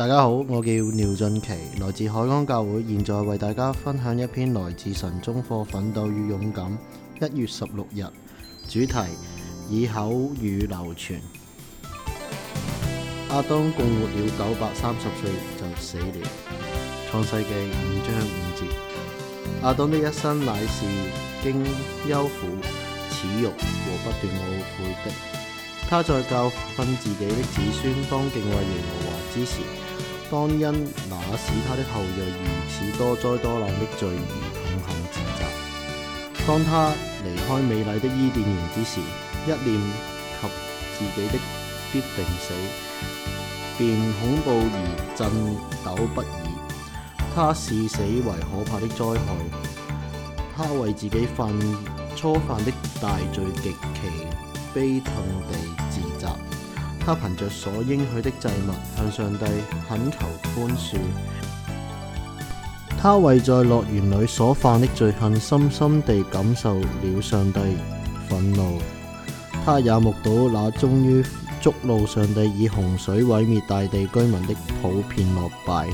大家好，我叫廖俊奇，來自海安教會，現在為大家分享一篇來自神中課《奮鬥與勇敢》一月十六日主題以口語流傳。亞當共活了九百三十歲就死了。創世紀五章五節。亞當的一生乃是經憂苦、恥辱和不斷懊悔的。他在教訓自己的子孫當敬畏耶和華之時。當因那使他的後裔如此多災多難的罪而痛恨自責；當他離開美麗的伊甸園之時，一念及自己的必定死，便恐怖而震抖不已。他視死為可怕的災害，他為自己犯初犯的大罪極其悲痛地自責。他憑着所應許的祭物向上帝懇求寬恕。他為在樂園裏所犯的罪行，深深地感受了上帝憤怒。他也目睹那終於觸怒上帝以洪水毀滅大地居民的普遍落敗。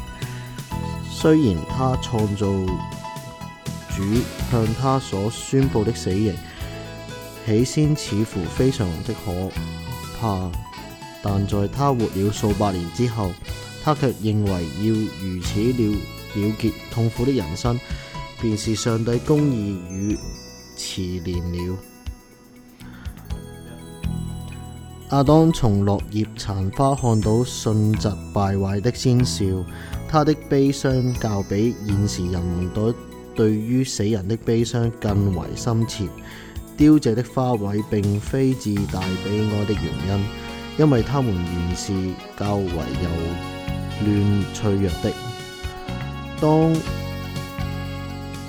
雖然他創造主向他所宣布的死刑，起先似乎非常的可怕，但在他活了數百年之後，他卻認為要如此了了結痛苦的人生，便是上帝公義與慈憐了。亞當從落葉殘花看到信則敗壞的先兆，他的悲傷較比現時人們對對於死人的悲傷更為深切。凋謝的花蕊並非自大悲哀的原因。因為他們原是較為柔嫩脆弱的。當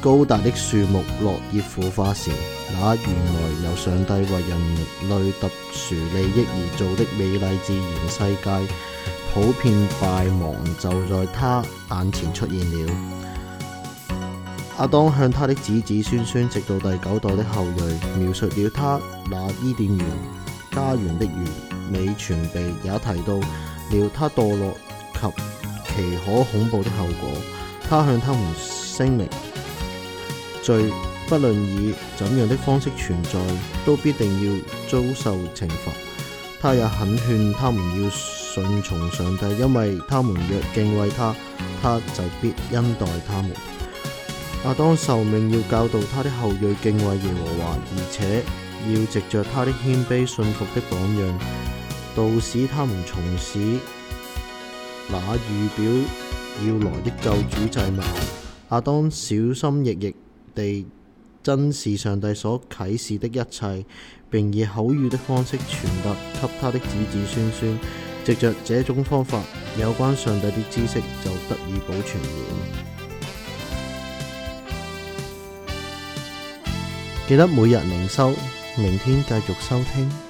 高大的樹木落葉腐化時，那原來由上帝為人類，類特殊利益而造的美麗自然世界普遍敗亡，就在他眼前出現了。阿當向他的子子孫孫，直到第九代的後裔，描述了他那伊甸園家園的園。美傳被也提到了他墮落及其可恐怖的後果。他向他們聲明，罪不論以怎樣的方式存在，都必定要遭受懲罰。他也肯勸他們要順從上帝，因為他們若敬畏他，他就必恩待他們。亞當受命要教導他的後裔敬畏耶和華，而且要藉着他的謙卑信服的榜樣。道士，他們從事那預表要來的救主祭物。阿當小心翼翼地珍視上帝所啟示的一切，並以口語的方式傳達給他的子子孫孫。藉著這種方法，有關上帝的知識就得以保存了。記得每日靈修，明天繼續收聽。